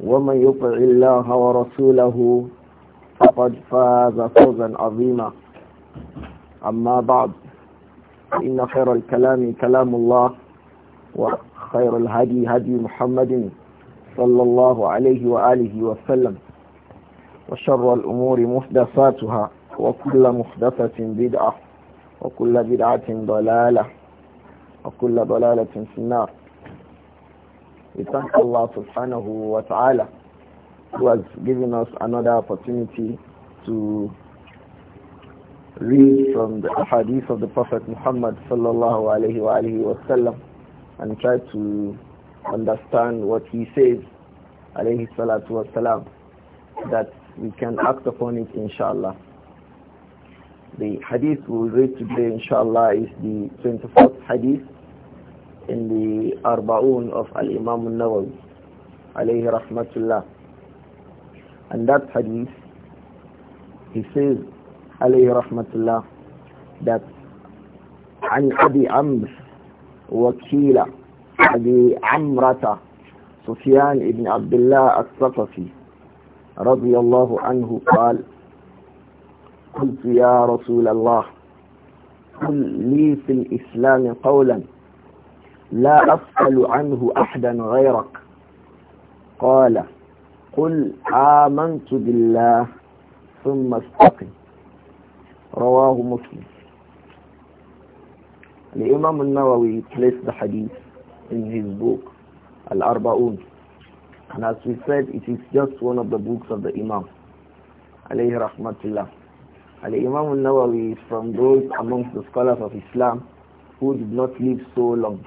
ومن يطع الله ورسوله فقد فاز فوزا عظيما أما بعد إن خير الكلام كلام الله وخير الهدي هدي محمد صلى الله عليه وآله وسلم وشر الأمور محدثاتها وكل محدثة بدعة وكل بدعة ضلالة وكل ضلالة في النار We thank Allah subhanahu wa ta'ala who has given us another opportunity to read from the hadith of the Prophet Muhammad sallallahu alayhi wa alayhi wa sallam and try to understand what he says alayhi salatu wa salam that we can act upon it inshallah. The hadith we'll read today inshallah is the 24th hadith in the Arbaun of Al-Imam al-Nawawi alayhi rahmatullah and that hadith he says alayhi rahmatullah that عن أبي عمرو وكيل أبي عمرة سفيان بن عبد الله الثقفي رضي الله عنه قال قلت يا رسول الله قل لي في الإسلام قولا لا أسأل عنه أحدا غيرك قال قل آمنت بالله ثم استقم رواه مسلم الإمام النووي placed the hadith in his book Al-Arba'un and as we said it is just one of the books of the Imam alayhi rahmatullah Al-Imam al-Nawawi is from those amongst the scholars of Islam who did not live so long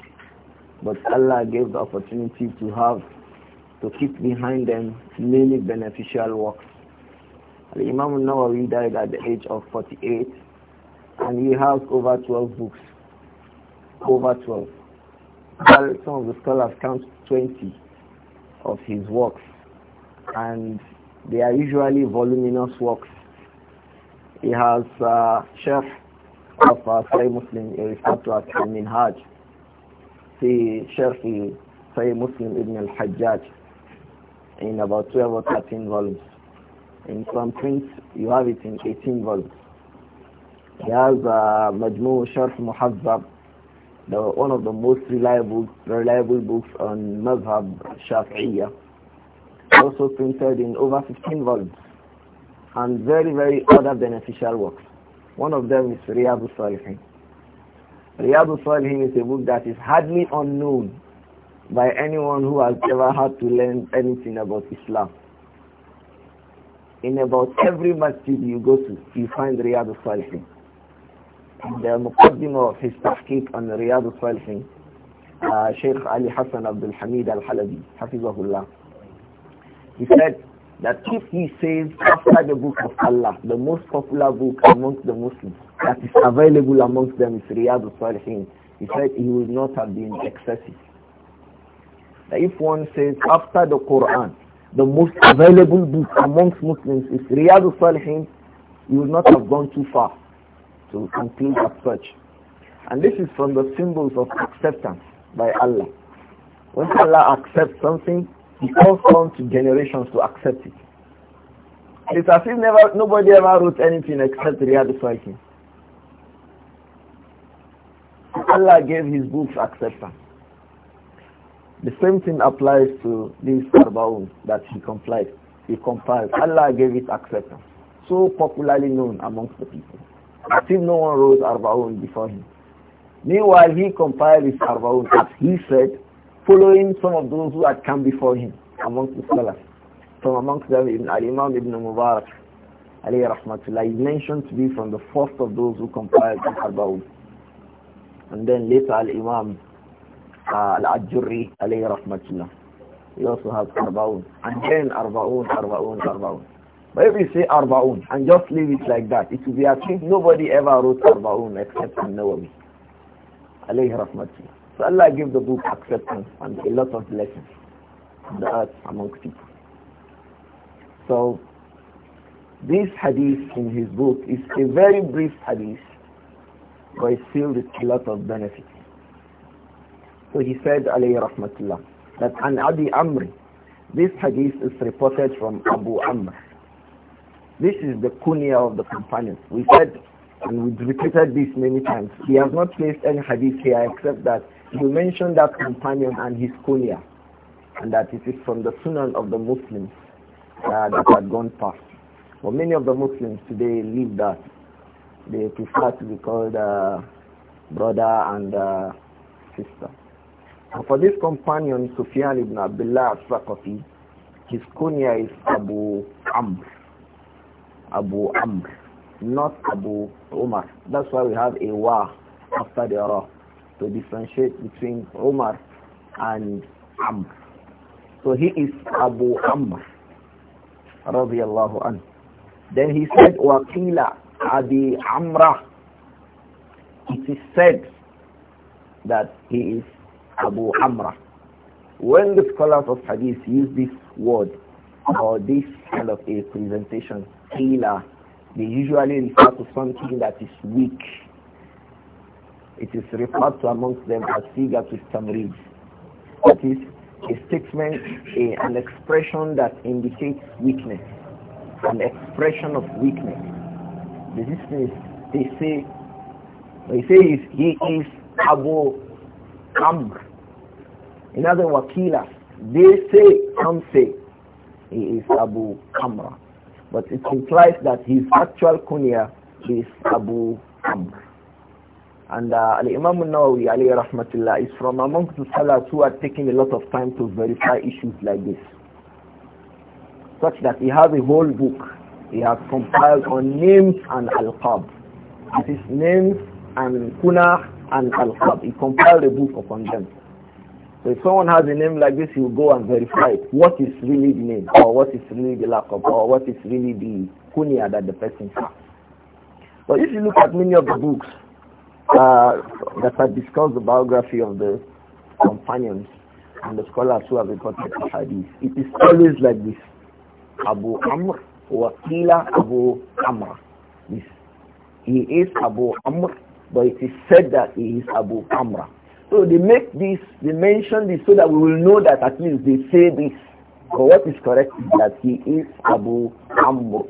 But Allah gave the opportunity to have, to keep behind them many beneficial works. Imam Nawawi died at the age of 48 and he has over 12 books. Over 12. some of the scholars count 20 of his works and they are usually voluminous works. He has uh, Sheikh of uh, Muslim, referred to as Minhaj في شرح صحيح مسلم ابن الحجاج in about 12 or 13 volumes. In some prints, you have it in 18 volumes. He has a uh, Majmu Sharf Muhazzab, the, one of the most reliable, reliable books on Mazhab Shafi'iyya, also printed in over 15 volumes, and very, very other beneficial works. One of them is Riyadh al-Salihin. Riyadu Salihin is a book that is hardly unknown by anyone who has ever had to learn anything about Islam. In about every masjid you go to, you find Riyadu Salihin. The Muqaddim of his tahqiq on Riyadu Salihin, uh, Sheikh Ali Hassan Abdul Hamid Al-Halabi, Hafizahullah. He said, that if he says after the book of Allah, the most popular book amongst the Muslims that is available amongst them is Riyadh salihin he said he would not have been excessive. That if one says after the Quran, the most available book amongst Muslims is Riyadh salihin he would not have gone too far to conclude as such. And this is from the symbols of acceptance by Allah. When Allah accepts something, he calls on to generations to accept it. It's as if never, nobody ever wrote anything except Riyadh Swahili. Allah gave his books acceptance. The same thing applies to this Arbaun that he complied. He compiled. Allah gave it acceptance. So popularly known amongst the people. As if no one wrote Arbaun before him. Meanwhile, he compiled his Arbaun as he said following some of those who had come before him amongst the scholars. From amongst them, Ibn Al-Imam Ibn Mubarak, alayhi rahmatullah, is mentioned to be from the first of those who compiled Al-Arba'ud. And then later Al-Imam uh, Al-Ajurri, alayhi rahmatullah. He also has Arba'un. And then Arba'un, Arba'un, Arba'un. But if you say Arba'un and just leave it like that, it will be a thing. nobody ever wrote Arba'un except An-Nawawi, alayhi rahmatullah. So Allah gave the book acceptance and a lot of blessings on the earth among people. So this hadith in his book is a very brief hadith, but it's filled with a lot of benefits. So he said, alayhi rahmatullah, that an Abi Amri, this hadith is reported from Abu Amr. This is the kunya of the companions. We said, and we repeated this many times, he has not placed any hadith here except that you mentioned that companion and his kunya, and that it is from the sunan of the Muslims uh, that had gone past. But many of the Muslims today leave that. They prefer to be called uh, brother and uh, sister. And for this companion, Sufyan ibn Abdullah al sakafi his kunya is Abu Amr. Abu Amr, not Abu Umar. That's why we have a wa after the ra to differentiate between Umar and Amr. So he is Abu Amr radiallahu anhu. Then he said, Waqila Abi Amra. It is said that he is Abu Amra. When the scholars of hadith use this word or this kind of a presentation, Qila, they usually refer to something that is weak it is referred to amongst them as Sigatul Tamrid. That is a statement, a, an expression that indicates weakness, an expression of weakness. This is, they say, they say is, he is Abu Amr. In other wakilas, they say, some say, he is Abu Amr. But it implies that his actual kunya is Abu Amr. And uh, Imam Nawawi Ali rahmatullah is from amongst the scholars who are taking a lot of time to verify issues like this. Such that he has a whole book he has compiled on names and al-qab. That is names and kunah and al-qab. He compiled a book upon them. So if someone has a name like this, he will go and verify it. What is really the name or what is really the laqab or what is really the kunya that the person has. But if you look at many of the books, uh, that I discussed the biography of the companions and the scholars who have reported the hadith. It is always like this. Abu Amr or Kila Abu Amr. This. He is Abu Amr, but it is said that he is Abu Amr. So they make this, they mention this so that we will know that at least they say this. But what is correct is that he is Abu Amr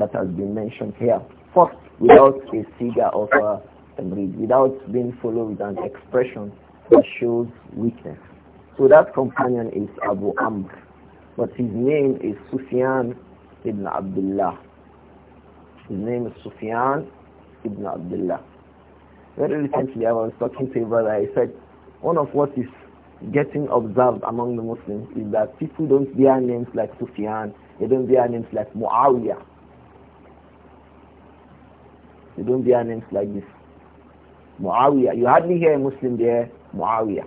that has been mentioned here. First, without a figure of uh, without being followed with an expression that shows weakness. So that companion is Abu Amr, but his name is Sufyan ibn Abdullah. His name is Sufyan ibn Abdullah. Very recently I was talking to a brother, I said, one of what is getting observed among the Muslims is that people don't bear names like Sufyan, they don't bear names like Muawiyah. They don't bear names like this. Muawiyah. You hardly hear a Muslim there, Muawiyah.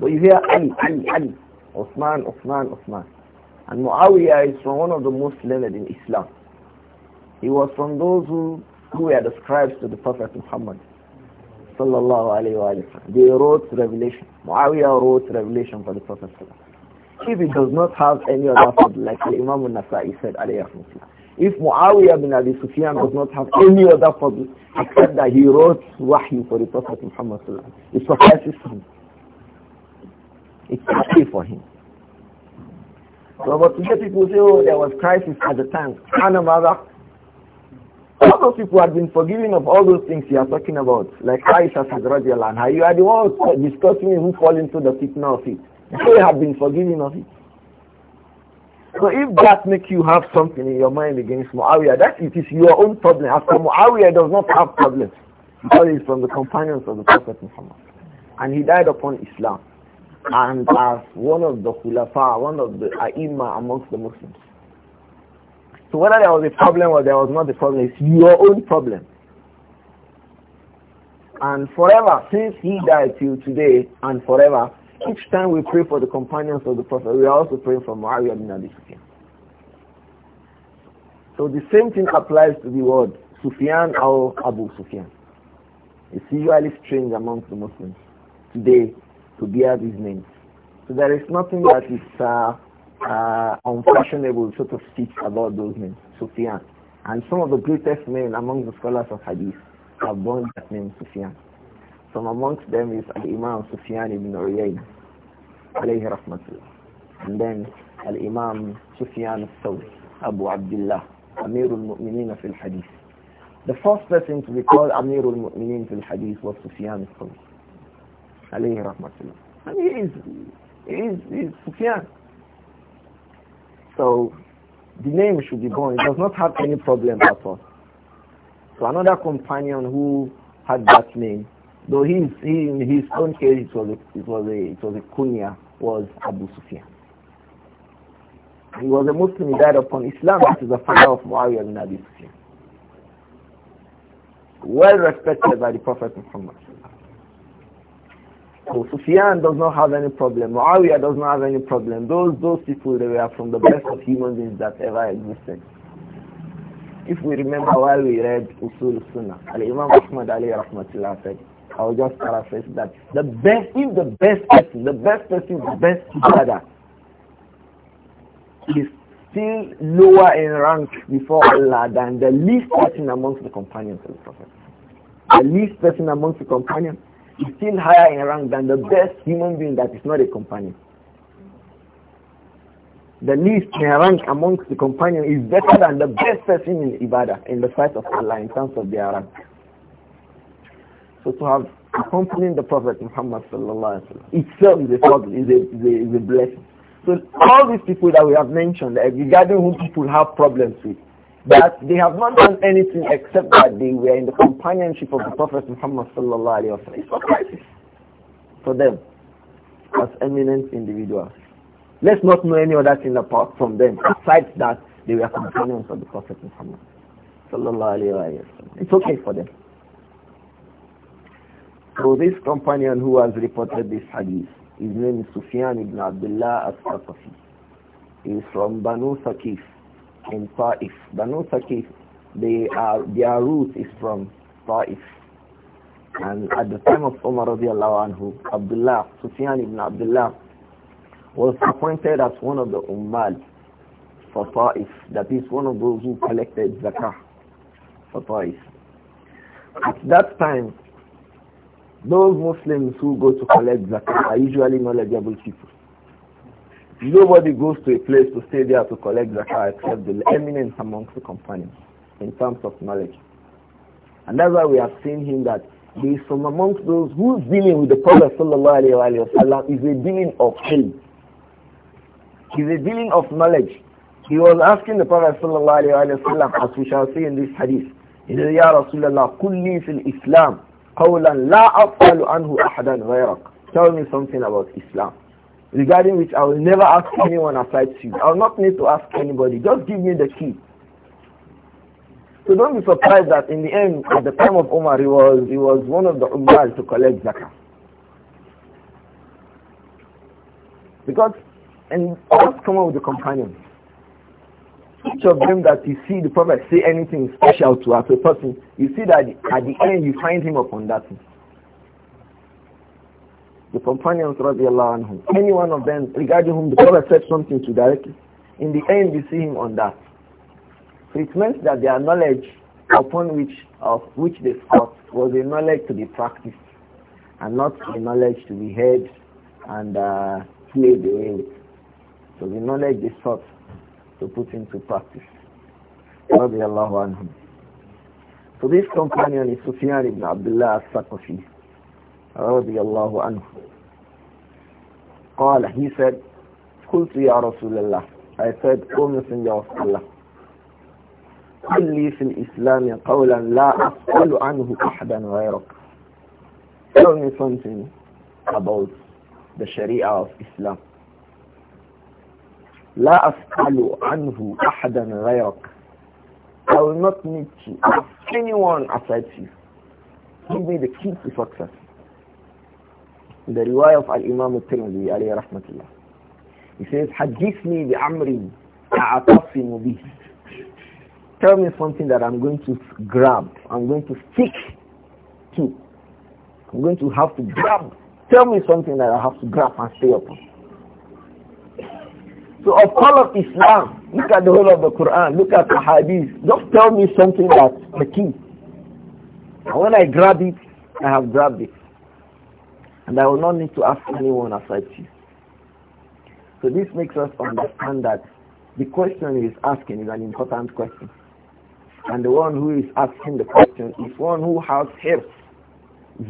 But you hear Ali, Ali, Ali, Osman, Osman, Osman. And Muawiyah is from one of the most learned in Islam. He was from those who, who were the scribes to the Prophet Muhammad. Sallallahu alayhi wa They wrote revelation. Muawiyah wrote revelation for the Prophet. If he does not have any other, like the Imam al-Nasai said, alayhi wa sallam, if Muawiyah bin Abi Sufyan does not have any other problem except that he wrote Wahyu for the Prophet Muhammad it suffices him. It's happy for him. So, but today people say, oh, there was crisis at the time. All those people had been forgiven of all those things you are talking about, like Aisha Sadradial and her. You are the ones discussing who fall into the fitna of it. They have been forgiven of it. So if that makes you have something in your mind against Muawiyah, that it is your own problem. After Muawiyah does not have problems because he is from the companions of the Prophet Muhammad. And he died upon Islam. And as one of the khulafa, one of the ai amongst the Muslims. So whether there was a problem or there was not a problem, it's your own problem. And forever, since he died till today and forever, each time we pray for the companions of the Prophet, we are also praying for Muawiyah bin Abi Sufyan. So the same thing applies to the word Sufyan or Abu Sufyan. It's usually strange amongst the Muslims today to bear these names. So there is nothing that is uh, uh, unfashionable, so to speak, about those names, Sufyan. And some of the greatest men among the scholars of Hadith have borne that name, Sufyan. From amongst them is Al-Imam Sufyan ibn Uyayna, alayhi rahmatullah. And then Al-Imam Sufyan al-Thawri, Abu Abdullah, Amirul Mu'mineen al Hadith. The first person to be called Amirul Mu'mineen al Hadith was Sufyan al-Thawri, alayhi rahmatullah. And he is, he is, he is Sufyan. So the name should be born. It does not have any problem at all. So another companion who had that name Though his, he, in his own case, it was a, it was a, it was a kunya, was Abu Sufyan. He was a Muslim, he died upon Islam, which is the father of Muawiyah ibn Abi Sufyan. Well respected by the Prophet Muhammad. So Sufyan does not have any problem. Muawiyah does not have any problem. Those those people they were from the best of human beings that ever existed. If we remember while we read Usul Sunnah, Al Imam Ahmad Ali Rahmatullah said, I'll just paraphrase that. The best, if the best person, the best person, the best brother is still lower in rank before Allah than the least person amongst the companions of the Prophet. The least person amongst the companions is still higher in rank than the best human being that is not a companion. The least in rank amongst the companions is better than the best person in Ibadah in the sight of Allah in terms of their rank. So to have accompanied the Prophet Muhammad sallallahu itself is a, problem, is, a, is, a, is a blessing. So all these people that we have mentioned, eh, regarding whom people have problems with, that they have not done anything except that they were in the companionship of the Prophet Muhammad sallallahu alaihi wasallam. It's a crisis for them as eminent individuals. Let's not know any other thing apart from them, besides that they were companions of the Prophet Muhammad. It's okay for them. So this companion who has reported this hadith, his name is Sufyan ibn Abdullah al-Saqafi. He is from Banu Saqif in Ta'if. Banu Saqif, they are, their root is from Ta'if. And at the time of Umar radiallahu anhu, Abdullah, Sufyan ibn Abdullah, was appointed as one of the Ummal for Ta'if. That is one of those who collected zakah for Ta'if. At that time, those Muslims who go to collect zakat are usually knowledgeable people. Nobody goes to a place to stay there to collect zakat except the eminent amongst the companions in terms of knowledge. And that's why we have seen him that he is from amongst those who dealing with the Prophet wasallam is a dealing of He Is a dealing of knowledge. He was asking the Prophet wasallam, as we shall see in this hadith, he said, Ya Rasulullah, kulli fil Islam قولا لا أفعل عنه أحدا غيرك tell me something about Islam regarding which I will never ask anyone aside you I will not need to ask anybody just give me the key so don't be surprised that in the end at the time of Umar he was he was one of the Umar to collect zakah because and just come out with the companions each of them that you see the prophet say anything special to as a person, you see that at the end you find him upon that The companions, him, any one of them regarding whom the prophet said something to directly, in the end you see him on that. So it means that their knowledge upon which of which they thought, was a knowledge to be practiced and not a knowledge to be heard and uh, played away with. So the knowledge they sought to put into practice. So this companion is Sufyan ibn Abdullah al-Saqafi رضي الله عنه قال he said قلت يا رسول الله I said O Messenger of Allah قل لي في الإسلام قولا لا أسأل عنه أحدا غيرك Tell me something about the Sharia of Islam لا أسأل عنه أحدا غيرك I will not need to ask anyone aside you. Give me the key to success. the riwayah of Al-Imam al-Tirmidhi alayhi rahmatullah. He says, حدثني بأمر أعتصم به. Tell me something that I'm going to grab. I'm going to stick to. I'm going to have to grab. Tell me something that I have to grab and stay upon. So of all of Islam, look at the whole of the Quran, look at the Hadith. Just tell me something that's the key. And when I grab it, I have grabbed it. And I will not need to ask anyone aside you. So this makes us understand that the question is asking is an important question. And the one who is asking the question is one who has health,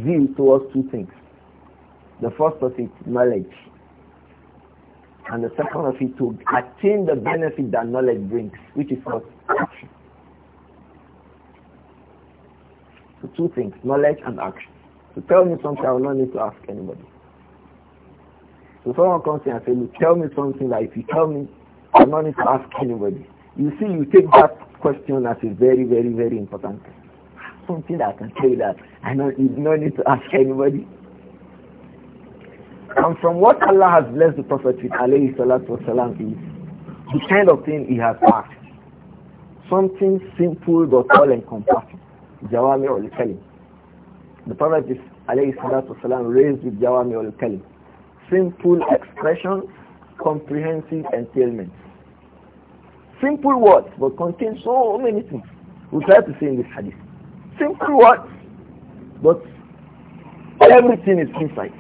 zeal towards two things. The first of it, knowledge and the second of it to attain the benefit that knowledge brings, which is what? Action. So two things, knowledge and action. So tell me something, I will not need to ask anybody. So someone comes here and says, look, tell me something that if you tell me, I will not need to ask anybody. You see, you take that question as a very, very, very important Something that I can tell you that I know not don't need to ask anybody. And from what Allah has blessed the Prophet with alayhi salatu wasalam is the kind of thing he has asked. Something simple but all encompassing. Jawami ul kalim. The Prophet is alayhi salatu wasalam raised with Jawami ul kalim. Simple expression, comprehensive entailment, Simple words but contain so many things. We try to say in this hadith. Simple words but everything is inside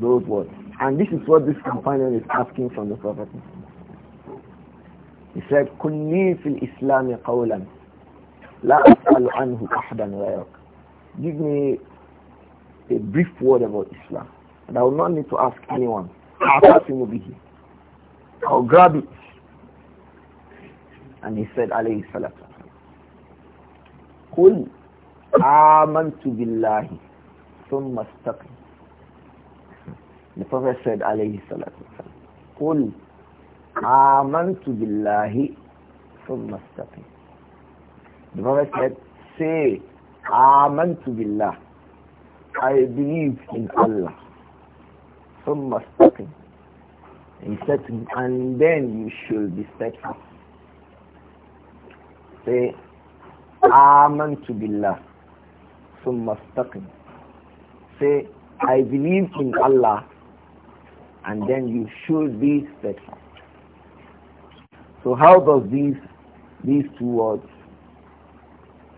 those words. And this is what this companion is asking from the Prophet. He said, كُنِّي fil Islam قَوْلًا la أَسْأَلُ عَنْهُ أَحْدًا Give me a brief word about Islam. And I will not need to ask anyone. بِهِ I'll grab it. And he said, عليه الصلاة والسلام قُلْ آمَنْتُ بِاللَّهِ ثُمَّ اسْتَقِمْ the Prophet said, alayhi salatu wasalam, قُلْ آمَنْتُ بِاللَّهِ ثُمَّ اسْتَقِمْ The Prophet said, say, آمَنْتُ بِاللَّهِ I believe in Allah. ثُمَّ اسْتَقِمْ He said, and then you should be steadfast. Say, آمَنْتُ بِاللَّهِ ثُمَّ اسْتَقِمْ Say, I believe in Allah and then you should be steadfast. So how does these these two words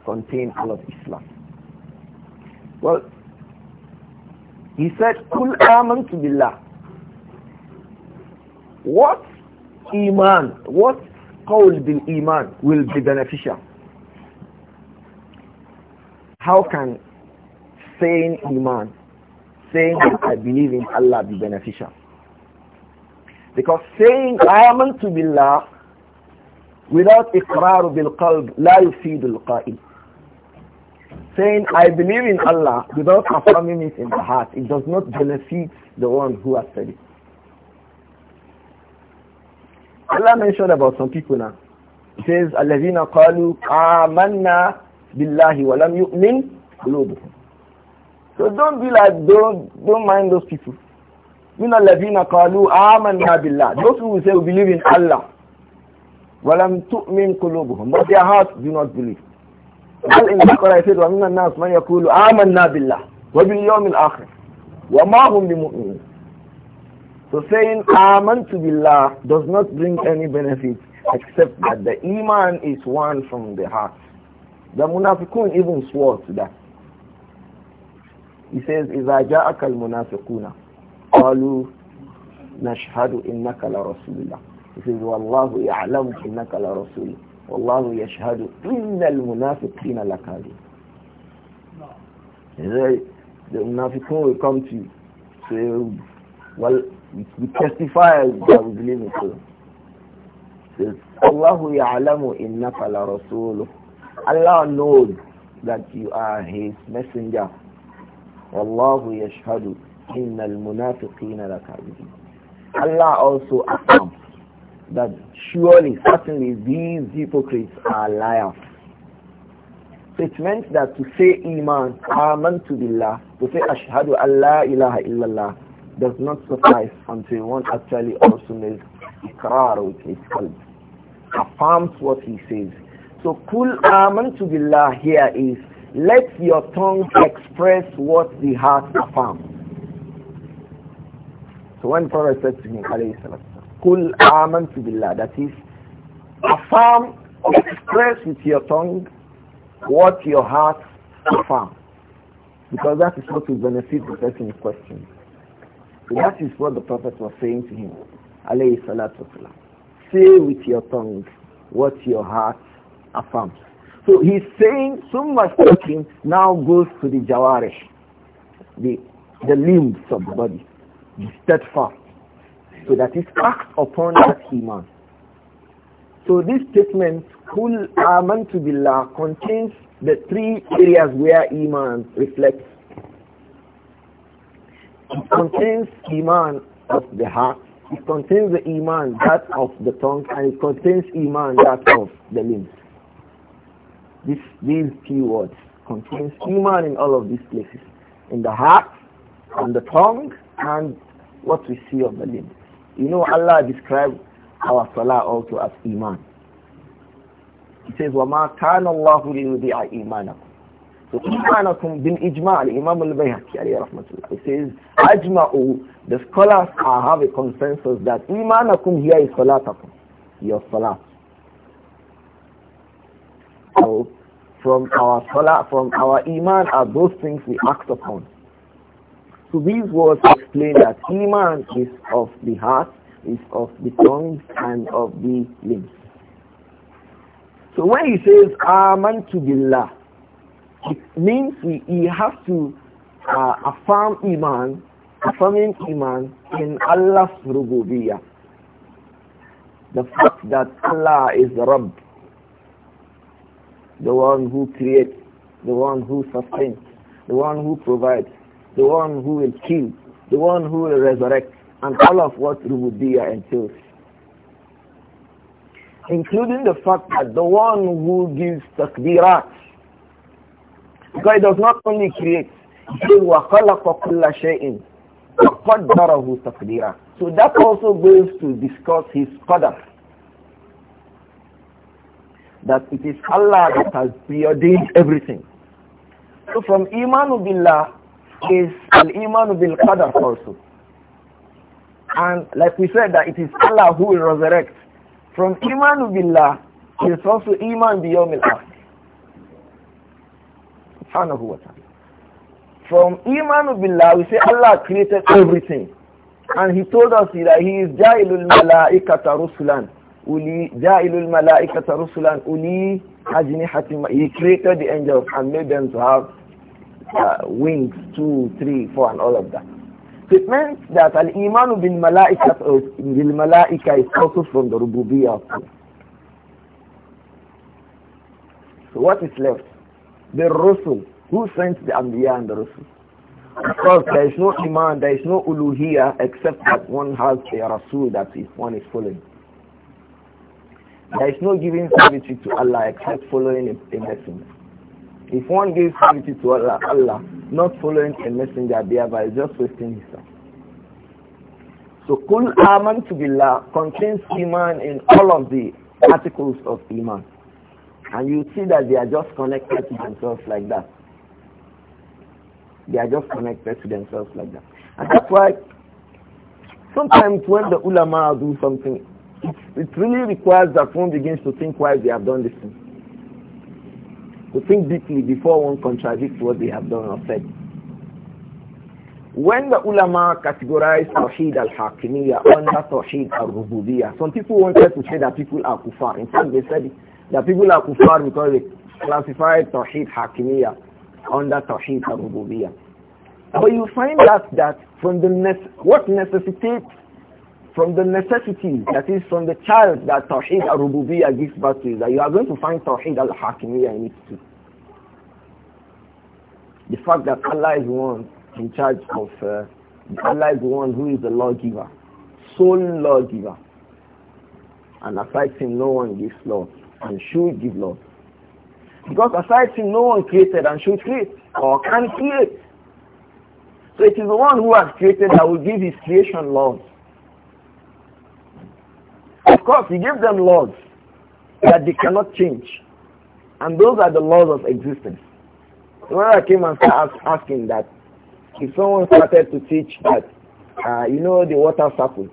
contain all of Islam? Well, he said, "Kul aman to billah." What iman? What qawl bil iman will be beneficial? How can saying iman, saying I believe in Allah, be beneficial? Because saying amantu billah without iqrar bil qalb la yufidu al qa'il. Saying I believe in Allah without affirming it in the heart, it does not benefit the one who has said it. Allah mentioned about some people now. He says, "Alladhina qalu amanna billahi wa lam yu'min So don't be like don't don't mind those people. من الذين قالوا آمنا بالله those who say believe in Allah ولم تؤمن قلوبهم but their hearts do not believe قال إن بقرة ومن الناس من يقول آمنا بالله وباليوم الآخر وما هم بمؤمنين So saying Aman to Billah does not bring any benefit except that the Iman is one from the heart. The Munafiqun even swore to that. He says, إِذَا جَاءَكَ الْمُنَافِقُونَ قالوا نشهد إنك لرسول الله He says والله يعلم إنك لرسول والله يشهد إن المنافقين لكاذب The Munafiqun will come to you say, well, we testify that we believe in Allah. knows that you are His messenger. Allah knows that you are his messenger. Wallahu yashhadu Allah also affirms that surely, certainly these hypocrites are liars. So it meant that to say iman, to billah, to say ashhadu Allah ilaha illallah does not suffice until one actually also makes ikrar with his qalb, affirms what he says. So kul to billah here is let your tongue express what the heart affirms. So when Prophet said to him, alayhi salam, to billah, that is, affirm, express with your tongue what your heart affirms, Because that is what will benefit the person in question. So that is what the Prophet was saying to him, alayhi salatu Say with your tongue what your heart affirms. So he's saying, much talking now goes to the jawarish, the, the limbs of the body be steadfast. So that it acts upon that iman. So this statement, Kul Amantu Billah, contains the three areas where iman reflects. It contains iman of the heart, it contains the iman that of the tongue, and it contains iman that of the limbs. This, these few words contains iman in all of these places, in the heart, on the tongue, and what we see of the limbs. You know Allah described our salah also as iman. He says, وَمَا كَانَ اللَّهُ لِيُضِيعَ إِيمَانَكُمْ So إيمانكم بالإجماع الإمام البيهقي alayhi رحمة الله. He says, أجمعوا, the scholars have a consensus that إيمانكم here is صلاتكم, your salah. So from our salah, from our iman are those things we act upon. So these words explain that Iman is of the heart, is of the tongue, and of the limbs. So when he says Aman to Billah, it means he, he has to uh, affirm Iman, affirming Iman in Allah's Rububiyyah. The fact that Allah is the Rabb, the one who creates, the one who sustains, the one who provides, the one who will kill, the one who will resurrect, and all of what Rububiyya entails. Including the fact that the one who gives takbirat, God does not only create, So that also goes to discuss his qadr. That it is Allah that has preordained everything. So from Imanu Billah, is al-iman bil qadar also. And like we said that it is Allah who will resurrect. From iman billah is also iman bi akhir Subhanahu wa ta'ala. From iman billah we say Allah created everything. And he told us that he is ja'ilul malaikata rusulan. Uli ja'ilul malaikata rusulan uli ajnihatin. He created the angels and made them to have uh, wings, two, three, four, and all of that. So it means that iman imanu bin malaika uh, bil malaika is also from the rububiyyah. So what is left? The Rasul. Who sent the Anbiya and the Rasul? Because there is no Iman, there is no uluhiya except that one has a Rasul that is one is following. There is no giving servitude to Allah except following a, a messenger. If one gives charity to Allah, Allah, not following a messenger thereby is just wasting his time. So Kul Aman to Billah contains Iman in all of the articles of Iman. And you see that they are just connected to themselves like that. They are just connected to themselves like that. And that's why sometimes when the ulama do something, it, it really requires that one begins to think why they have done this thing to think deeply before one contradicts what they have done or said. When the ulama categorized Tawheed al-Hakimiyya under Tawheed al-Rububiyyah, some people wanted to say that people are kuffar. In fact, they said that people are kuffar because they classified Tawheed Hakimiyya under Tawheed al-Rububiyyah. But you find out that from the what necessitates from the necessity, that is from the child that Tawheed al-Rububiyyah gives birth to, that you are going to find Tawheed al-Hakimiyyah in it too. The fact that Allah is one in charge of, uh, Allah is the one who is the lawgiver, sole lawgiver. And aside from no one gives law and should give law. Because aside from no one created and should create or can create. So it is the one who has created that will give his creation laws. Of course, he gave them laws that they cannot change. And those are the laws of existence. So when I came and started asking that, if someone started to teach that, uh, you know, the water cycle,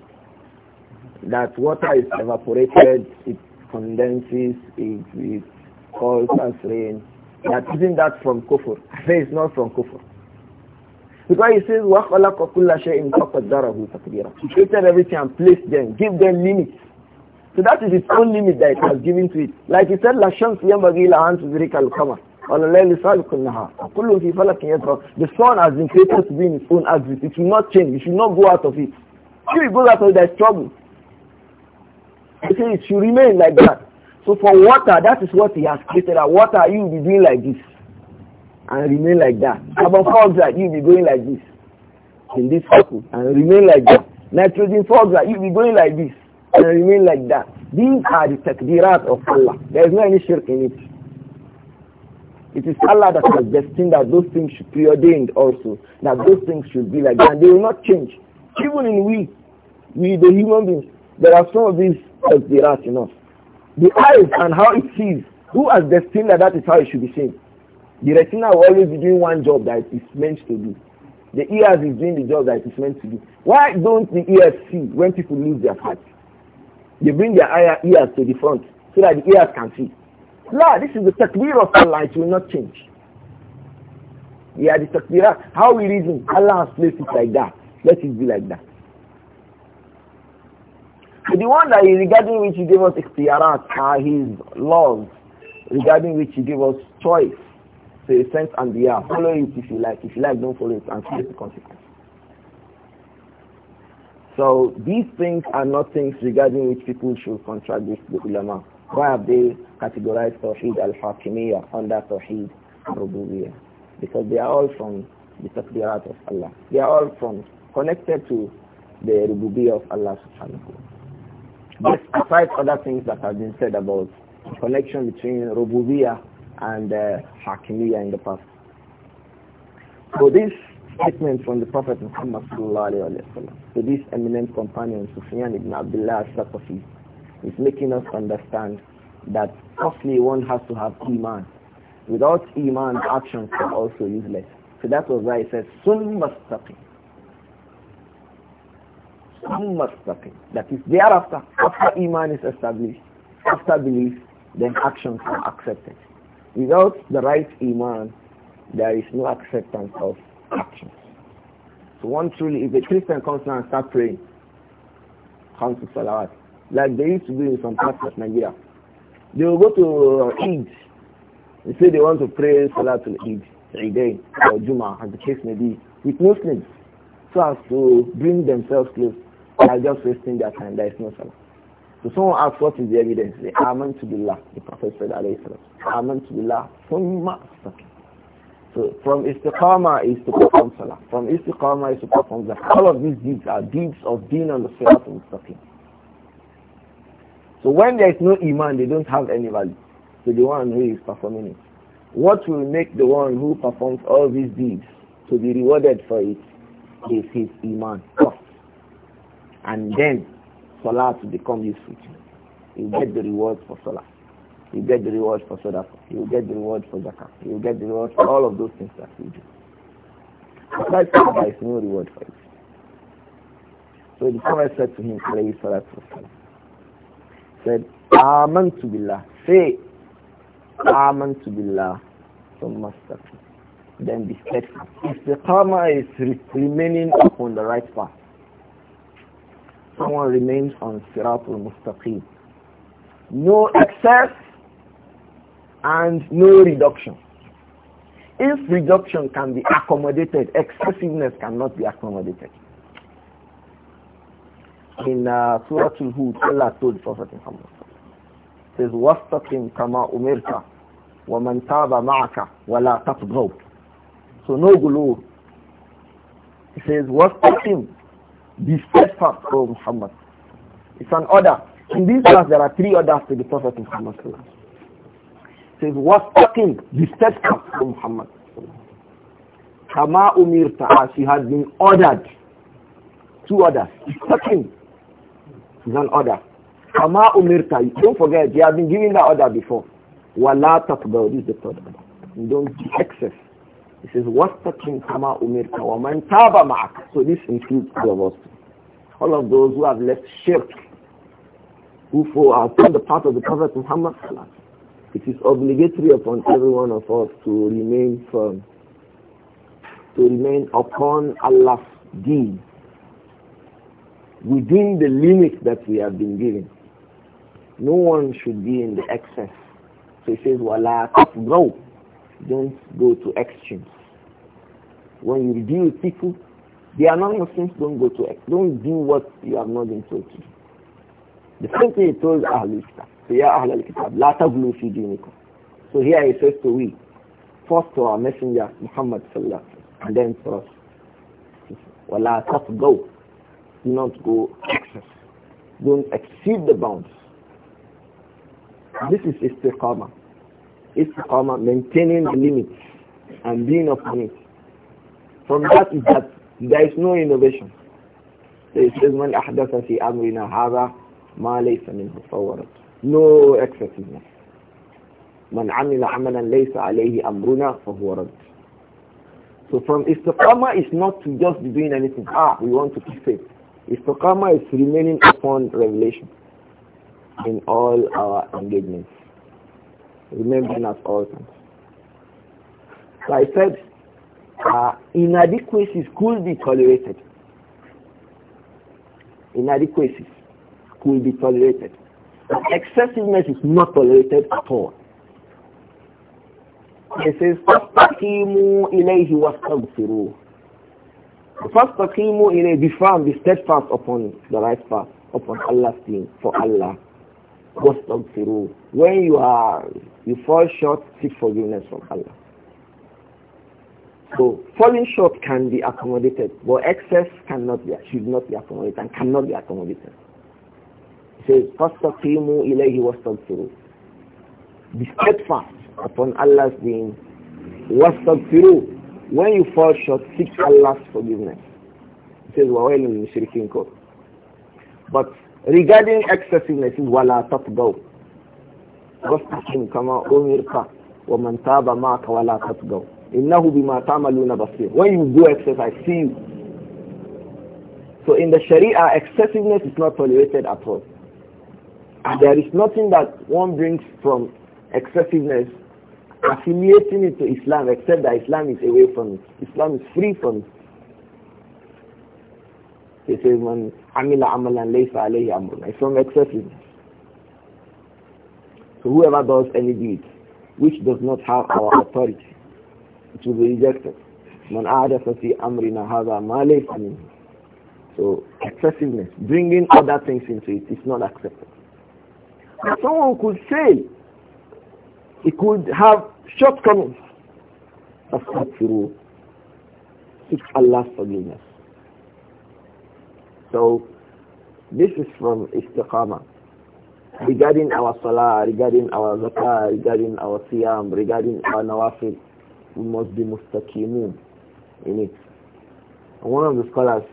that water is evaporated, it condenses, it, it falls as rain, that isn't that from kufur? I say it's not from kufur. Because he says, He created everything and placed them, give them limits. So that is its own limit that it has given to it. Like he said, لَشَمْسِ يَنْبَغِي لَهَا أَنْ The sun has been created to be in its own axis. It should not change. It should not go out of it. If it goes out of it, there's trouble. He said it should remain like that. So for water, that is what he has created. And water, you will be doing like this and remain like that. Carbon that you will be going like this in this circle and remain like that. Nitrogen that you will be going like this and remain like that. These are the takdirat of Allah. There is no any shirk in it. It is Allah that has destined that those things should be ordained also, that those things should be like that. And they will not change. Even in we, we the human beings, there are some of these takdirat in us. The eyes and how it sees, who has destined that that is how it should be seen? The retina will always be doing one job that it is meant to do. The ears is doing the job that it is meant to do. Why don't the ears see when people lose their hearts? They bring their ears to the front so that the ears can see. La, this is the takbir of Allah. It will not change. Yeah, the takbirah. How we reason? Allah has placed it like that. Let it be like that. So the one that is regarding which he gave us ikhtiyarat are his laws, regarding which he gave us choice. So a sent and the yeah, follow it if you like. If you like, don't follow it and face the consequence. So these things are not things regarding which people should contradict the ulama. Why have they categorized Tawheed al-Hakimiyya under Tawheed al-Rububiyyah? Because they are all from the Takbirat of Allah. They are all from connected to the Rububiyyah of Allah subhanahu but aside other things that have been said about the connection between Rububiyyah and uh, Hakimiyya in the past. So this statement from the Prophet Muhammad to this eminent companion Sufyan ibn Abdullah al-Saqafi is making us understand that firstly one has to have Iman. Without Iman, actions are also useless. So that was why he said Sun mustaqim. Sun mustaqim. That is thereafter, after Iman is established, after belief, then actions are accepted. Without the right Iman, there is no acceptance of so one truly, if a Christian comes now and starts praying, comes to Salawat, like they used to do in some parts of Nigeria, they will go to uh, Eid. and say they want to pray to Eid, every day or Juma, as the case may be, with Muslims, so as to bring themselves close. They are just wasting their time. There is no Salah. So someone asks, what is the evidence? They are meant to Billah. The Prophet said, alayhi salam, Amen to Billah, summa astaqim. So from istiqama is to perform salah. From istiqama is to perform salah. All of these deeds are deeds of deen on the sirat al-mustaqim. So when there is no iman, they don't have any value so the one who is performing it. What will make the one who performs all these deeds to be rewarded for it is his iman first. And then salah to become useful to you. will get the reward for salah you get the reward for sadaqah, you get the reward for zakah, you get the reward for all of those things that you do. Aside no reward for it. So the Prophet said to him, "Say salatu wasalam, said, to billah, say, "Aman to billah, so staqim. Then be steadfast. Istiqama is remaining upon the right path. Someone remains on siratul mustaqim. No excess, and no reduction. If reduction can be accommodated, excessiveness cannot be accommodated. In uh, Surah Al-Hud, Allah told Prophet Muhammad, says, وَاسْتَقِمْ كَمَا أُمِرْتَ وَمَنْ تَابَ مَعَكَ وَلَا تَطْغَوْا So no gulu. He says, وَاسْتَقِمْ Be steadfast, O Muhammad. It's an order. In this verse, there are three orders to the Prophet Muhammad says, Wastaqim, be steadfast from Muhammad. Kama umirta, as he has been ordered. Two orders. Istaqim is an order. Kama umirta, don't forget, you have been given that order before. Wala taqbaw, this is the third order. You don't do excess. He says, Wastaqim kama umirta wa man taba ma'ak. So this includes all of us. All of those who have left shirk, who for, are on the path of the Prophet Muhammad sallallahu it is obligatory upon every one of us to remain firm, to remain upon Allah's deen, within the limit that we have been given. No one should be in the excess. So he says, Wala no, don't go to extremes. When you deal with people, they are not Muslims, don't go to don't do what you have not been told to. The same thing he told Ahlul Islam. يا أهل Kitab, لا تغلوا في دينكم So here he says to we, first to our messenger Muhammad sallallahu and then to us. وَلَا تَطْغَوْا Do not go excess. Don't exceed the bounds. This is istiqamah. Istiqamah, maintaining the limits and being upon it. From that is that there is no innovation. He says, من أحدث في أمرنا هذا ما ليس منه فورته no excessiveness. من عمل عملا ليس عليه أمرنا فهو رد. So from istiqama is not to just be doing anything. Ah, we want to keep faith. Istiqama is remaining upon revelation in all our engagements. Remembering us all times. So I said, uh, inadequacies could be tolerated. Inadequacies could be tolerated excessiveness is not tolerated at all. He says, فَاسْتَقِيمُوا إِلَيْهِ more in a Be firm, be steadfast upon the right path, upon Allah's thing, for Allah. وَاسْتَغْفِرُوهُ When you are, you fall short, seek forgiveness from Allah. So falling short can be accommodated, but excess cannot be, should not be accommodated and cannot be accommodated says, فَاسْتَقِيمُوا إِلَيْهِ وَاسْتَغْفِرُوا Be steadfast upon Allah's Deen, وَاسْتَغْفِرُوا When you fall short, seek Allah's forgiveness. It says, وَوَيْلٌ لِلْمُشْرِكِينَ But regarding excessiveness, وَلَا تَطْغَوْا وَاسْتَقِيمُ كَمَا أُمِرْكَ وَمَنْ تَابَ مَعَكَ وَلَا تَطْغَوْا إِنَّهُ بِمَا تَعْمَلُونَ بَصِيرٌ When you do excess, I see you. So in the Sharia, excessiveness is not tolerated at all. And there is nothing that one brings from excessiveness affiliating it to Islam except that Islam is away from it. Islam is free from it. He says, Man amila amalan laysa alayhi amruna. It's from excessiveness. So whoever does any deed which does not have our authority, it will be rejected. Man ahdatha fi amrina hadha ma laysa So excessiveness, bringing other things into it is not accepted. And someone could say He could have shortcomings. Astaghfirullah. Seek Allah's forgiveness. So, this is from istiqamah regarding our salah, regarding our zakah, regarding our siyam, regarding our nawafil, we must be mustaqimun in it. And one of the scholars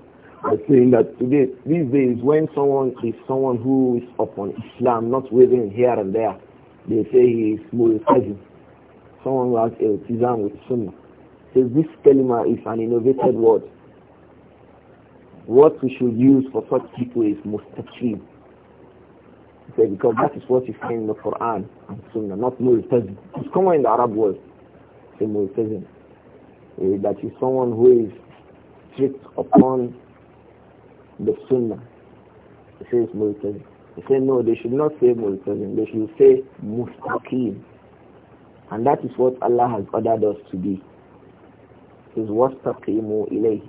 I'm saying that today, these days, when someone is someone who is upon Islam, not waving here and there, they say he is Murtazim, someone who has Iltizam with Sunnah. Says this kalima is an innovated word. What we should use for such people is mustaqim. Say, because that is what you find in the Quran and Sunnah, not Murtazim. It's common in the Arab world, say Murtazim. Uh, eh, that is someone who is strict upon the Sunnah. He says Multazim. He said no, they should not say Multazim. They should say Mustaqim. And that is what Allah has ordered us to be. He says, وَاسْتَقِيمُوا ilayhi.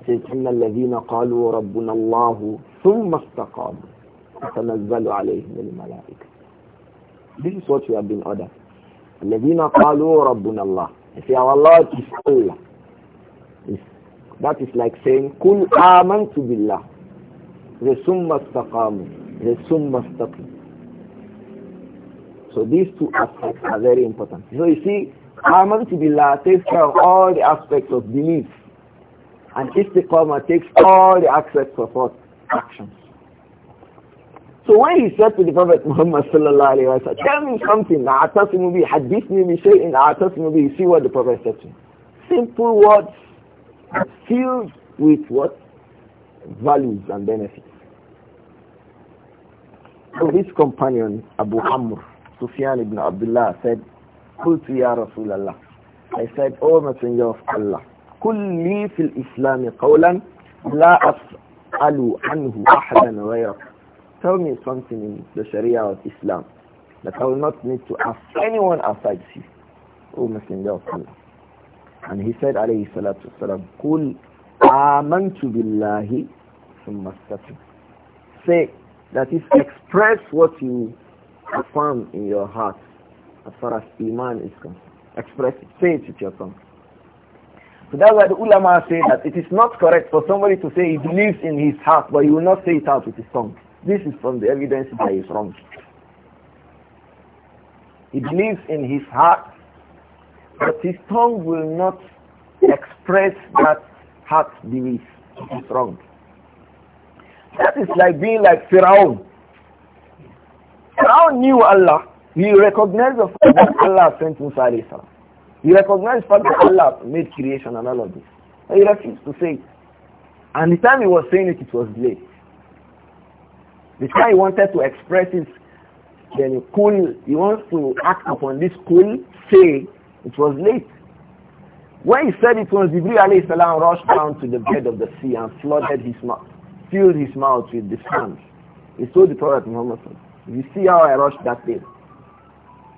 He says, إِنَّ الَّذِينَ قَالُوا رَبُّنَا اللَّهُ ثُمَّ اسْتَقَامُوا تَتَنَزَّلُ عَلَيْهِمُ الْمَلَائِكَةُ This is what we have been ordered. الَّذِينَ قَالُوا رَبُّنَا اللَّهُ They say, our Lord is Allah. That is like saying, Kul amantu billah. Resumma istaqamu. Resumma istaqim. So these two aspects are very important. So you see, amantu billah takes care of all the aspects of belief. And istiqamah takes all the aspects of what? Actions. So when he said to the Prophet Muhammad sallallahu alayhi wa sallam, tell me something, say in our بشيء movie, you see what the Prophet said to him. Simple words filled with what? Values and benefits. So his companion, Abu Amr, Sufyan ibn Abdullah, said, قلت يا رسول Allah." I said, O oh, Messenger of Allah, kulli لي في الإسلام قولا لا أسأل عنه أحدا Tell me something in the Sharia of Islam that I will not need to ask anyone outside you, O oh, Messenger of Allah. And he said, alayhi salatu wasalam, Kul amantu billahi summastatim. Say, that is, express what you affirm in your heart as far as Iman is concerned. Express it. Say it with your tongue. So that's why the ulama say that it is not correct for somebody to say he believes in his heart, but he will not say it out with his tongue. This is from the evidence that is wrong. He believes in his heart, but his tongue will not express that heart belief. It is wrong. That is like being like Pharaoh. Pharaoh knew Allah. He recognized the fact that Allah sent Musa He recognized the fact that Allah made creation and all of this. But he refused to say it. And the time he was saying it, it was late. The time he wanted to express his then cool, he wants to act upon this cool, say, it was late. When he said it was Jibril alayhi salam rushed down to the bed of the sea and flooded his mouth, filled his mouth with the sand. He told the Prophet Muhammad, you see how I rushed that day.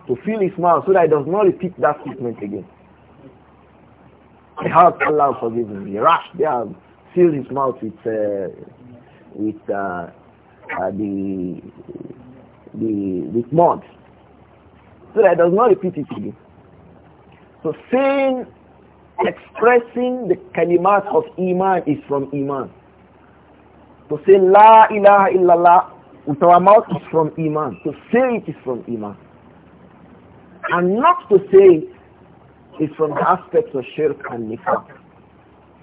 To fill his mouth so that he does not repeat that statement again. I hope Allah forgive him. He rushed there filled his mouth with uh, with uh, uh, the the with mud so that he does not repeat it again. So saying, expressing the kalimat of Iman is from Iman. To say La ilaha illallah with our mouth is from Iman. To say it is from Iman. And not to say it is from the aspects of shirk and nifaq.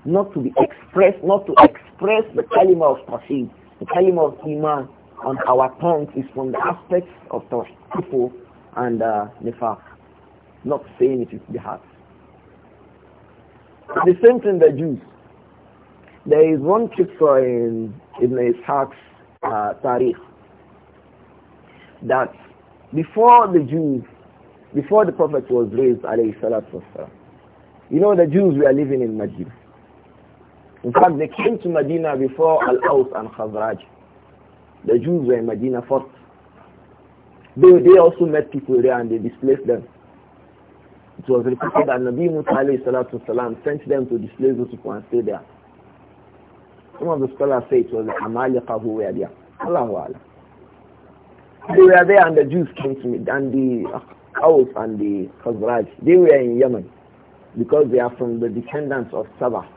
Not to be expressed, not to express the kalima of tawheed, the kalima of Iman on our tongues is from the aspects of tawheed and uh, nifaq not saying it with the heart. The same thing the Jews. There is one chapter in Ibn Ishaq's uh, Tariq that before the Jews, before the Prophet was raised, alayhi salatu wasalam, you know the Jews were living in Medina. In fact, they came to Medina before Al-Aus and Khazraj. The Jews were in Medina first. They, they also met people there and they displaced them. It was reported that Nabi Musa sent them to displace those people and stay there. Some of the scholars say it was the Amalika who were there. Allahu Allah. They were there and the Jews came to me, and the house and the Khazraj. They were in Yemen because they are from the descendants of Sabah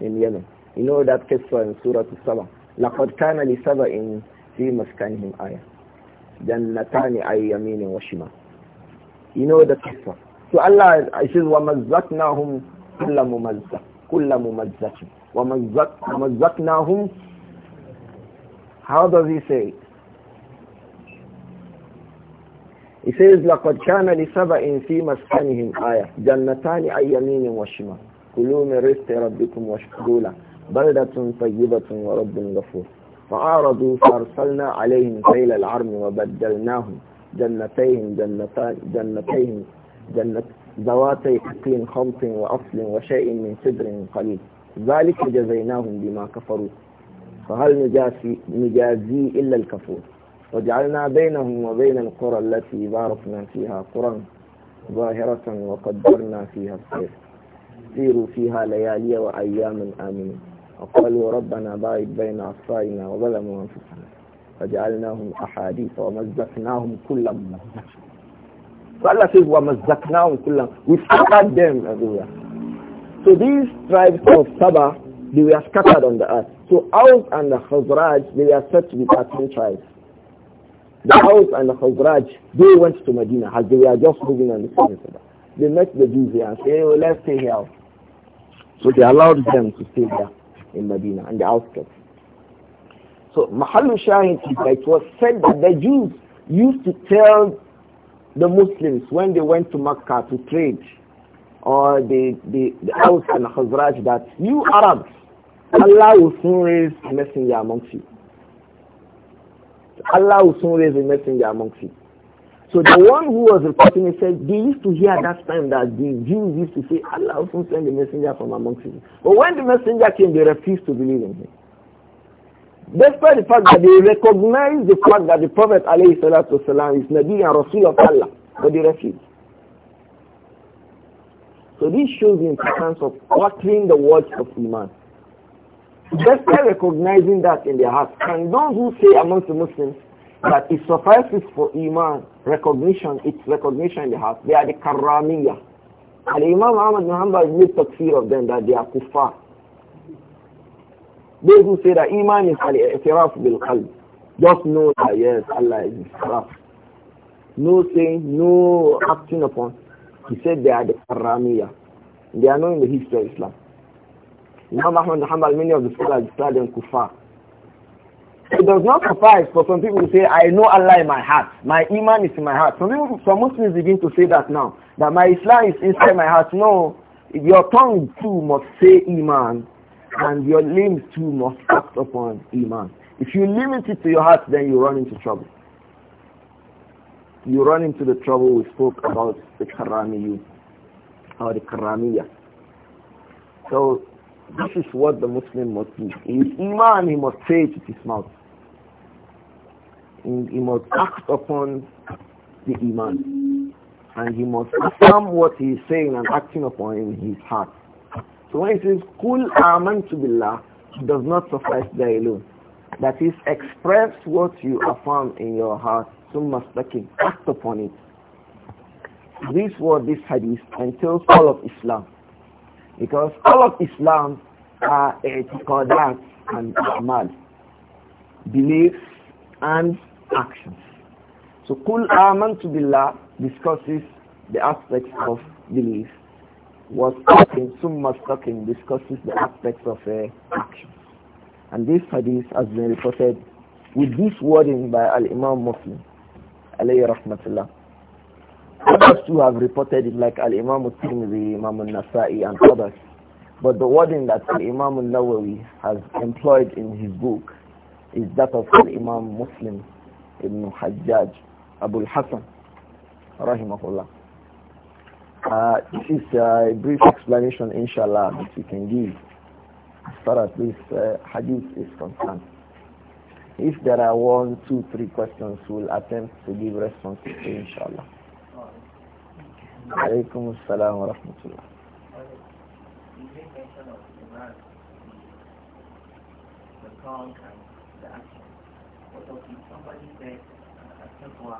in Yemen. You know that kiswa in Surah to Sabah. لقد كان لسبأ في مسكنهم آية جنتان عن يمين وشمال. You know the kiswa. So Allah says, وَمَزَّقْنَاهُمْ كُلَّ مُمَزَّقٍ كُلَّ مُمَزَّقٍ وَمَزَّقْنَاهُمْ How does he say it? He says, لَقَدْ كَانَ لِسَبَئٍ فِي مَسْكَنِهِمْ آيَةٌ جَنَّتَانِ أَنْ يَمِينٍ وَشِمَالٍ كُلُوا مِنْ رِزْقِ رَبِّكُمْ وَاشْكُرُوا لَهُ بلدة طيبة ورب غفور فأعرضوا فأرسلنا عليهم سيل العرم وبدلناهم جنتين جنتين جنة ذواتي أكل خمط وأصل وشيء من سدر قليل ذلك جزيناهم بما كفروا فهل نجازي, نجازي إلا الكفور وجعلنا بينهم وبين القرى التي باركنا فيها قرى ظاهرة وقدرنا فيها السير سيروا فيها ليالي وأيام آمنين وقالوا ربنا باعد بين أصفائنا وظلموا أنفسنا فجعلناهم أحاديث ومزقناهم كل مزق So Allah says, وَمَزَّقْنَاهُمْ كُلًّا We scattered them everywhere. So these tribes of Saba, they were scattered on the earth. So Aus and the Khazraj, they were said to be 13 tribes. The Aus and the Khazraj, they went to Medina as they were just moving on the peninsula. They met the Jews and said, hey, let's stay here. So they allowed them to stay there in Medina and the outskirts. So Mahalusha, Shahid, it was said that the Jews used to tell the Muslims, when they went to Mecca to trade, or the, the, the Aus and Khazraj, that you Arabs, Allah will soon raise a messenger amongst you. Allah will soon raise a messenger amongst you. So the one who was reporting it said, they used to hear that time that the Jews used to say, Allah will soon send a messenger from amongst you. But when the messenger came, they refused to believe in him. Despite the fact that they recognize the fact that the Prophet alayhi is Nabi and Rasul of Allah, but they refuse. So this shows the importance of uttering the words of Iman. Despite recognizing that in their hearts, and those who say amongst the Muslims that it suffices for Iman recognition, it's recognition in the heart, they are the Karramiyah. And Imam Ahmad Muhammad made takfir of them that they are kuffar. Those who say that iman is al-i'tiraf bil qalb. Just know that yes, Allah is al No saying, no acting upon. He said they are the Karamiya. They are not in the history of Islam. Imam Ahmad Hanbal, many of the scholars declared them kuffar. It does not suffice for some people to say, I know Allah in my heart. My iman is in my heart. Some people, some Muslims begin to say that now. That my Islam is inside my heart. No, your tongue too must say iman and your limbs too must act upon iman. If you limit it to your heart, then you run into trouble. You run into the trouble we spoke about the karamiyu or the karamiya. So this is what the Muslim must do. His iman, he must say it with his mouth. And he must act upon the iman, and he must affirm what he is saying and acting upon in his heart. So when it says, Kul amantu billah, does not suffice there alone. That is, express what you affirm in your heart, summa staking, act upon it. This word, this hadith, entails all of Islam. Because all of Islam are i'tiqadat and a'mal. Beliefs and actions. So, Kul amantu billah discusses the aspects of belief was talking, Summa talking discusses the aspects of uh, action. And this hadith has been reported with this wording by Al-Imam Muslim, alayhi rahmatullah. Others too have reported it like Al-Imam al-Tirmidhi, Imam Muslim, the imam al nasai and others. But the wording that Al-Imam al-Nawawi has employed in his book is that of Al-Imam Muslim ibn Hajjaj Abu al-Hasan, rahimahullah. Uh, this is uh, a brief explanation, inshallah, that we can give as far as this uh, hadith is concerned. If there are one, two, three questions, we'll attempt to give responses to, inshallah. Alaykum assalam wa rahmatullah. action. somebody said uh,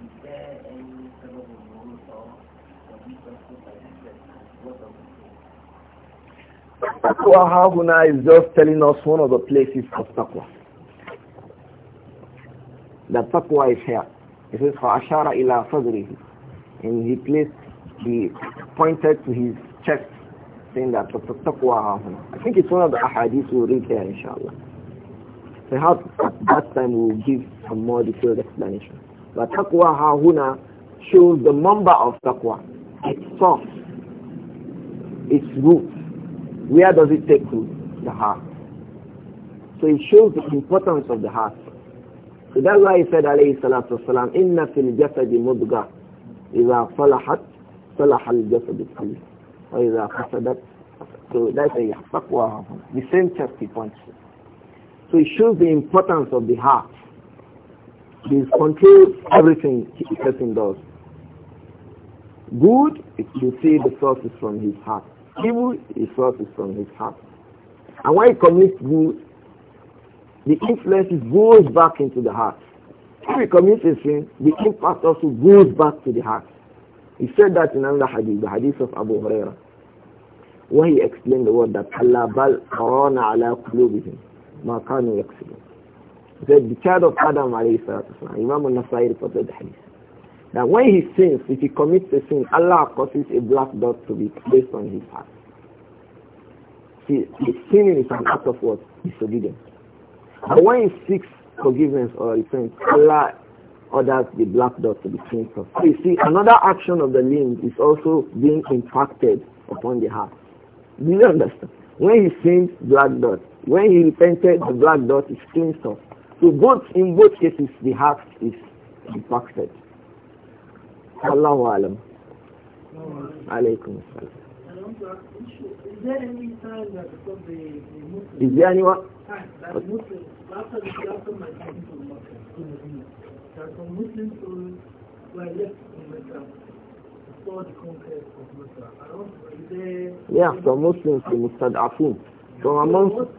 is there any sort of rule or Taqwa Haguna is just telling us one of the places of Taqwa. The Taqwa is here. It says, فَأَشَارَ إِلَىٰ فَضْرِهِ And he placed, he pointed to his chest, saying that Taqwa Haguna. I think it's one of the ahadith we'll read here, inshallah. Perhaps at that time we'll give some more detailed explanation. But Takwa hahuna shows the member of taqwa. Its source, its root. Where does it take root? The heart. So it shows the importance of the heart. So that's why he said alayhi salatu wasalam, inna fil jasadi mudga. إذا صلحت صلح الجسد كله so that's a taqwa. The same chapter points. So it shows the importance of the heart. He controls everything a person does. Good, you see the source is from his heart. Evil, the source is from his heart. And when he commits good, the influence goes back into the heart. If he commits a sin, the impact also goes back to the heart. He said that in another hadith, the hadith of Abu Huraira, where he explained the word that Allah bal ala qulubihim ma kanu yaksibun. That said, the child of Adam, Imam al-Nasai reported the hadith. That when he sins, if he commits a sin, Allah causes a black dot to be placed on his heart. See, sinning is an act of what? Disobedience. And when he seeks forgiveness or repent, Allah orders the black dot to be cleansed So you see, another action of the limb is also being impacted upon the heart. Do you understand? When he sins, black dot. When he repented, the black dot is cleansed off. So both in both cases the heart is impacted. Allahu alam. Alaykum assalam. Is there any sign that because the, the Muslim, Is there anyone? Time that Muslim, after the my time Mecca, that Muslims who were left in Mecca before the conquest of Mecca, around, is there... Yeah, the Muslims, the Mustad'afun. So a, an uh,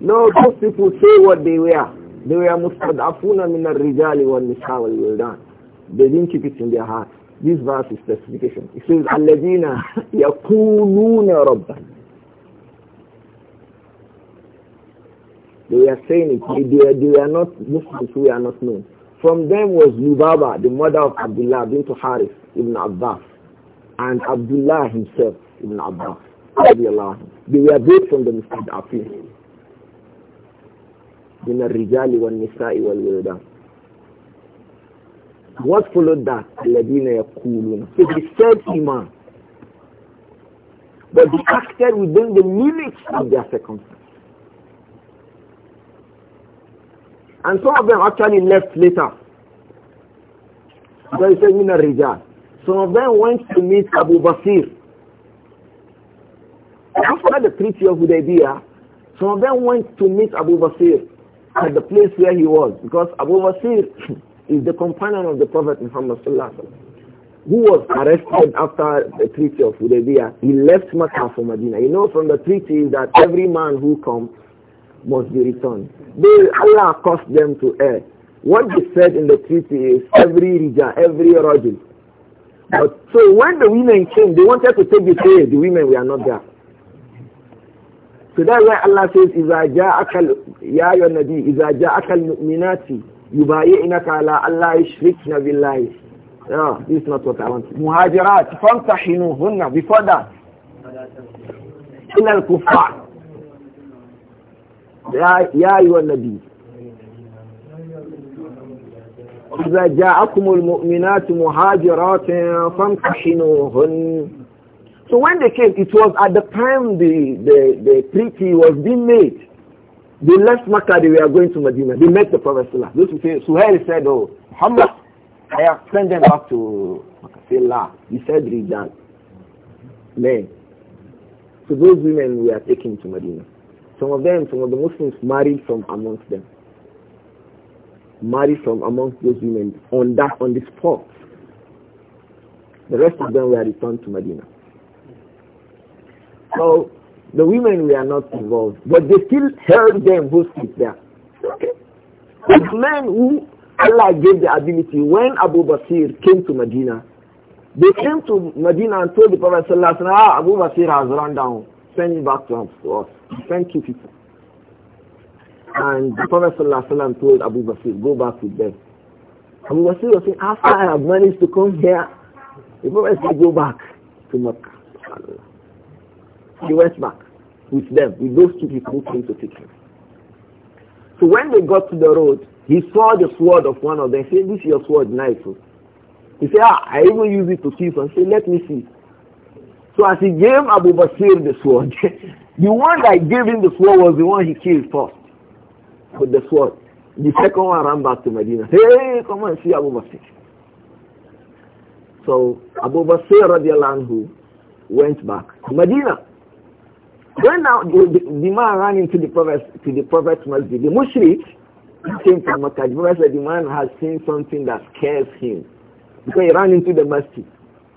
No, those people say what they wear. They wear mustard afuna mina rijali wa nisa wal wildan. They didn't keep it in their heart. This verse is specification. It says, الَّذِينَ يَقُولُونَ Rabban. They are saying it. They, they, they are not Muslims We are not known. From them was Lubaba, the mother of Abdullah bin Harith ibn Abbas, and Abdullah himself ibn Abbas. They were both from the Mustadafin. من الرجال What followed that? So they said Iman But they acted within the limits of their circumstances And some of them actually left later. So said, Mina Rijal. Some of them went to meet Abu Basir. After the Treaty of Hudaybiyah, some of them went to meet Abu Basir at the place where he was because Abu Basir is the companion of the Prophet Muhammad who was arrested after the Treaty of Hudaybiyah. He left Makkah for Medina. You know from the treaty that every man who comes must be returned. They, Allah caused them to err. What they said in the treaty is every region, every origin. But so when the women came, they wanted to take the pay. The women were not there. So that's why Allah says, إِذَا جَاءَكَ يَا أَيُّهَا النَّبِيُّ إِذَا جَاءَكَ الْمُؤْمِنَاتِ يُبَايِعْنَكَ عَلَىٰ أَلَّا يُشْرِكْنَ بِاللَّهِ No, this is not what I want. Muhajirat مُهَاجِرَاتِ فَامْتَحِنُوهُنَّ Before that, إِلَى الْكُفَّارِ يا أيها النبي إذا جاءكم المؤمنات مهاجرات فامتحنوهن So when they came, it was at the time the, the, the treaty was being made. They left Makkah, they were going to Medina. They met the Prophet Sallallahu Those who say, Suhail said, oh, Muhammad, I have sent them back to Makkah. Say, He said, that. Men. So those women were taken to Medina. Some of them, some of the Muslims married from amongst them. Married from amongst those women on that, on the spot. The rest of them were returned to Medina. So the women were not involved, but they still held them who sit there. Okay. These men who Allah gave the ability, when Abu Basir came to Medina, they came to Medina and told the Prophet, ah, Abu Basir has run down, send him back to us. Thank you, people. And the Prophet ﷺ told Abu Basir, go back with them. Abu Basir was saying, after I have managed to come here, the Prophet said, go back to Mecca. He went back with them, with those two people who came to take him. So when they got to the road, he saw the sword of one of them. He said, this is your sword, nice. He said, ah, I even use it to kill someone. He said, let me see. So as he gave Abu Basir the sword, The one that gave him the sword was the one he killed first with the sword. The second one ran back to Medina. Hey, come and see Abu Bakr. So Abu Basir radiallahu anhu went back to Medina. When now the, the, the, man ran into the prophet to the prophet's masjid, the mushrik came from Makkah. The prophet said the man has seen something that scares him because he ran into the masjid.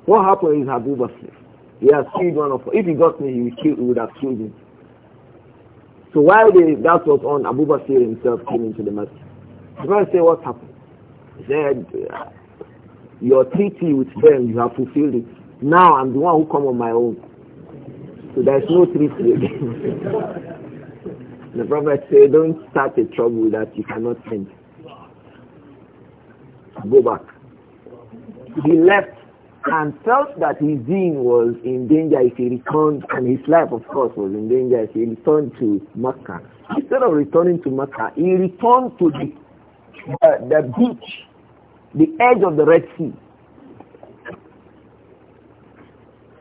What happened is Abu Basir. He has killed one of If he got me, he would, kill, he would have killed him. So while they, that was on, Abu Bakr himself came into the mosque. The Prophet said, what happened? He said, your treaty with them, you have fulfilled it. Now I'm the one who come on my own. So there's no treaty again. the Prophet said, don't start a trouble that you cannot end. Go back. He left and felt that his deen was in danger if he returned, and his life, of course, was in danger if he returned to Mecca. Instead of returning to Mecca, he returned to the, uh, the beach, the edge of the Red Sea.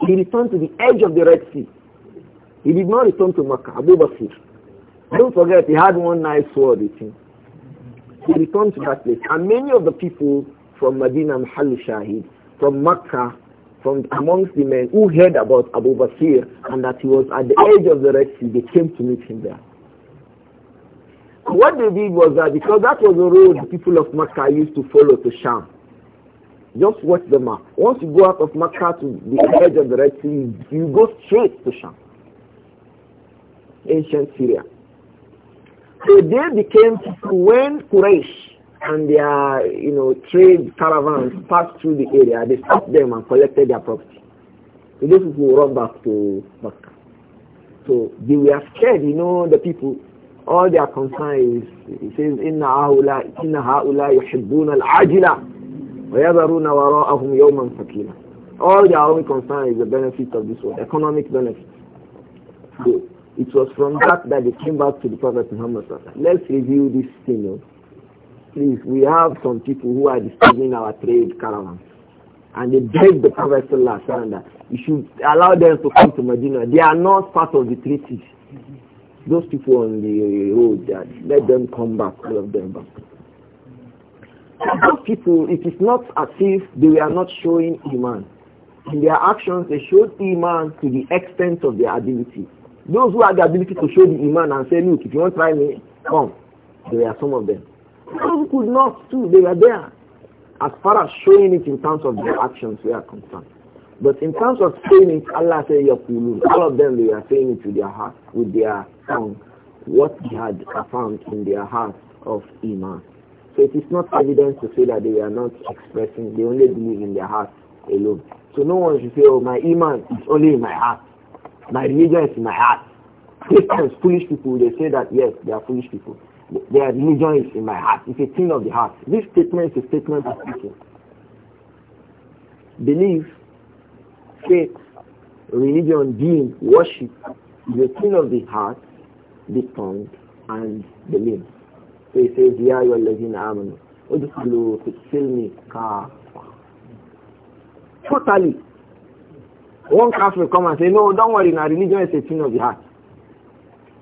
He returned to the edge of the Red Sea. He did not return to Mecca, Abu Bakr. Don't forget, he had one nice sword with him. He returned to that place. And many of the people from Medina and Shahid from Makkah from amongst the men who heard about Abu Bakr and that he was at the edge of the Red Sea, they came to meet him there. What they did was that because that was the road the people of Makkah used to follow to Sham. Just watch the map. Once you go out of Makkah to the edge of the Red Sea, you go straight to Sham, ancient Syria. So they became when Quraysh and their you know trade caravans passed through the area, they stopped them and collected their property. So those people run back to Makkah. So they were scared, you know, the people. All their concern is, he says, إِنَّ هَؤُلَاءِ إِنَّ هَؤُلَاءِ يُحِبُّونَ الْعَاجِلَةِ وَيَذَرُونَ وَرَاءَهُمْ يَوْمًا ثَقِيلًا All their only concern is the benefit of this world, economic benefit. So it was from that that they came back to the Prophet Muhammad. Let's review this thing. You know. Please, we have some people who are disturbing our trade caravans. And they beg the Prophet that you should allow them to come to Medina. They are not part of the treaty. Those people on the road, that let them come back, all of them back. And those people, it is not as if they are not showing Iman. In their actions, they showed Iman to the extent of their ability. Those who had the ability to show the Iman and say, look, if you want to try me, come. There are some of them. Some could not too. They were there. As far as showing it in terms of their actions we are concerned. But in terms of saying it, Allah said, Yakulun. All of them, they were saying it with their heart, with their tongue, what they had found in their heart of Iman. So it is not evidence to say that they are not expressing, they only believe in their heart alone. So no one should say, oh, my Iman is only in my heart. My religion is in my heart. Christians, foolish people, they say that, yes, they are foolish people. Their religion is in my heart. It's a thing of the heart. This statement is a statement of speaking. Belief, faith, religion, being, worship is a thing of the heart, the tongue, and the limb. So he says, Ya ayyuhallazina amanu, udkhulu fi silmi kafa. Totally. One calf will come and say, no, don't worry, now religion is a thing of the heart.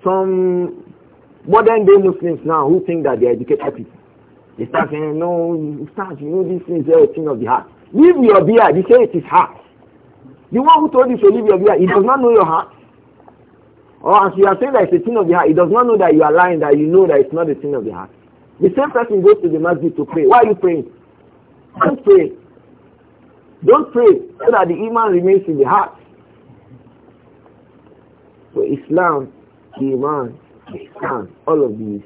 Some Modern day Muslims now who think that they are educated people. They start saying, no, start, you know, these things are a thing of the heart. Leave your beard. They say it is heart. The one who told you to leave your beard, he does not know your heart. Or as you are saying that it's a thing of the heart, he does not know that you are lying, that you know that it's not a thing of the heart. The same person goes to the masjid to pray. Why are you praying? Don't pray. Don't pray so that the iman remains in the heart. For Islam, the iman, all of these,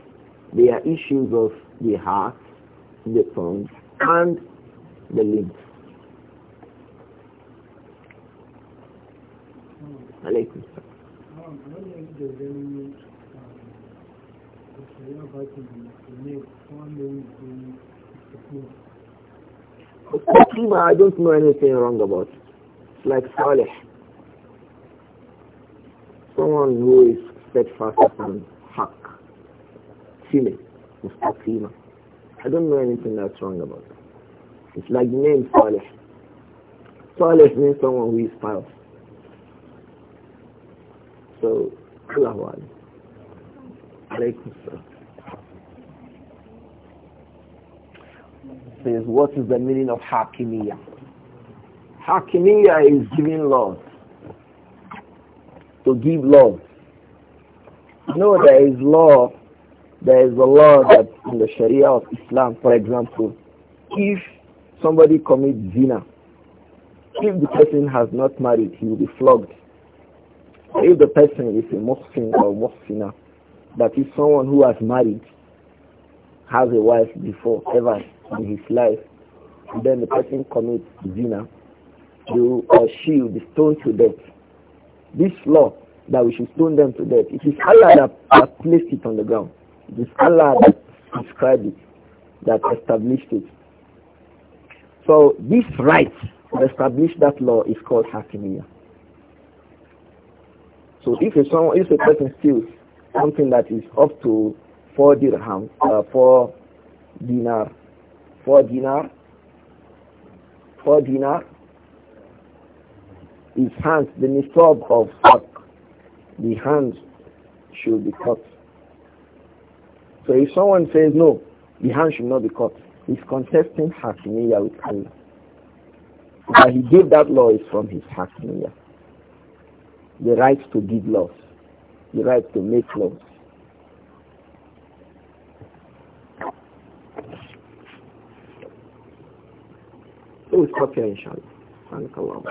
they are issues of the heart, the tongue, and the limbs. I don't know anything wrong about. It's like Saleh. Someone who is steadfast and haq. Female, mustaqima. I don't know anything that's wrong about it. It's like the name Salih. Salih means someone who is pious. So, Allah Alaikum Salam. Says, what is the meaning of Hakimiyya? Hakimiyya is giving laws. To give laws. No, there is law. There is a law that in the Sharia of Islam, for example, if somebody commits zina, if the person has not married, he will be flogged. If the person is a Muslim or muhsina, that is someone who has married, has a wife before ever in his life, then the person commits zina, you or she will be stoned to death. This law that we should stone them to death. It is Allah that, that placed it on the ground. It is Allah that prescribed it, that established it. So this right to establish that law is called hakimiyah. So if a, someone, if a person steals something that is up to four dirham, uh, four dinar, four dinar, four dinar, is hands the nisab of the hand should be cut. So if someone says no, the hand should not be cut, he's contesting hakimiyah with Allah. That he gave that law is from his hakimiyah. The right to give laws, the right to make laws. So it's inshallah.